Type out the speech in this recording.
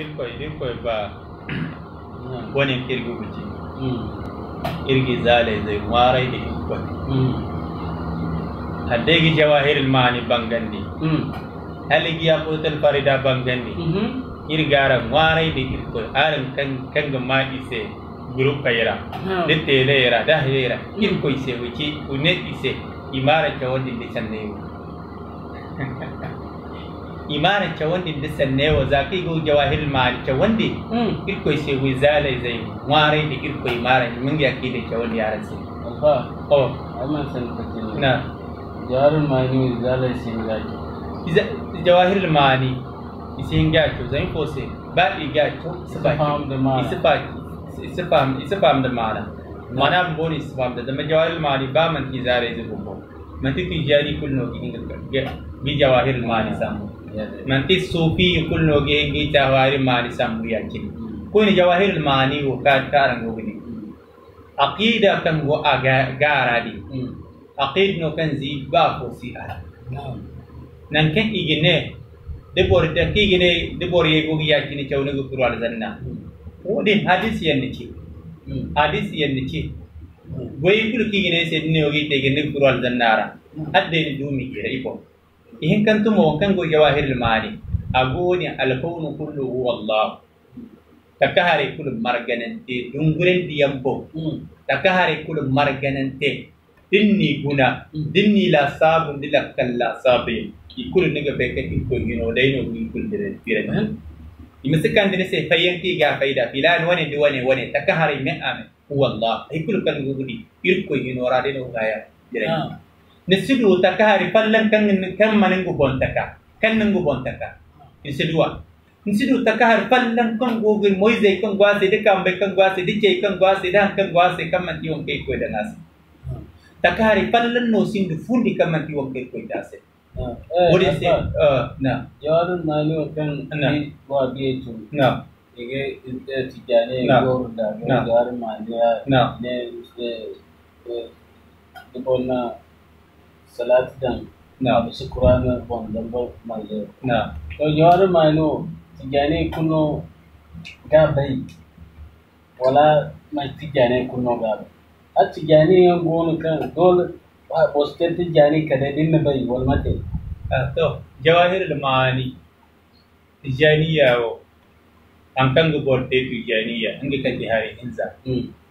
irkoy irkoy ba hmm. wonen irguguji hmm. irgi zalay zay warayde irkoy hmm. haddegi jawahiril mani bangandi haligiya kotal farida bangandi irgara warayde irkoy aran kan kanga maɗi se groupe kayera de tele yera da yera irkoy se wuci une ise imara cawodinde canneyo إيمان كوندي دسن نيو زاكي جو جواهر المال كوندي إلكو يسيه ويزالة زين واري دي إلكو إيمان من جا كيد كوندي عارسي أبا أو أما سنتكلم نعم جواهر المال ويزالة زين جاكي إذا جواهر المال يسين جاكي زين فوسي بعد يجاكي سبام دمار سبام سبام سبام دمار مانا بوني سبام دمار ما جواهر المال با من كيزالة زين بوم من تجاري كل نوكي نقدر بجواهر المال سامو منطق الصوفي يكون لوجه جيتا واري مالي سامرياتين كون جواهر المعاني وكاد كارن غني عقيدة كان هو أجارادي عقيد نو كان زي بافوسي أه نان كان إجنة دبور تكي إجنة دبور يجوا ياتيني تقولنا قطر على زنا ودين حديث ينتشي حديث ينتشي ويقول كي إجنة سيدنا يجي تيجي نقطر على زنا أدين دومي كده يبغى ihin kan kantuma wa kango jawahiril mani agoni alkawnu kulluhu wallahu takahare kulu marganante dunguren diyam bo takahare kulu marganante dinni guna dinni la sabu dila kalla sabi ikulu niga beke ikko gino dayno ikul dire dire imisi kandine se fayyanti ga fayda filan wani di wani wani takahare me ame wallah ikulu kan gudi irko gino ra dayno gaya dire nisidu taka hari fallan kan kan manin gubon kan nan gubon taka nisiduwa nisidu taka hari fallan kan gogin moize kan gwase de kan be kan gwase de ke kan gwase dan kan gwase kan man tiwon kai ko da taka hari fallan no sin du fundi kan man tiwon kai ko da se wodi se na yawan mali kan na ege tijane go da go da mali na ya. ne se Salat done. نعم بس القرآن بون دمبر مالو نعم لو جوار مالو تجاني كنو قابي ولا ما تجاني كنو قابي التجاني يقول كان دول بوستر تجاني كذا دين بي والمتي تو جواهر المعاني تجانية أو تنتنغ بورتي تجانية أنك كجهاري إنزا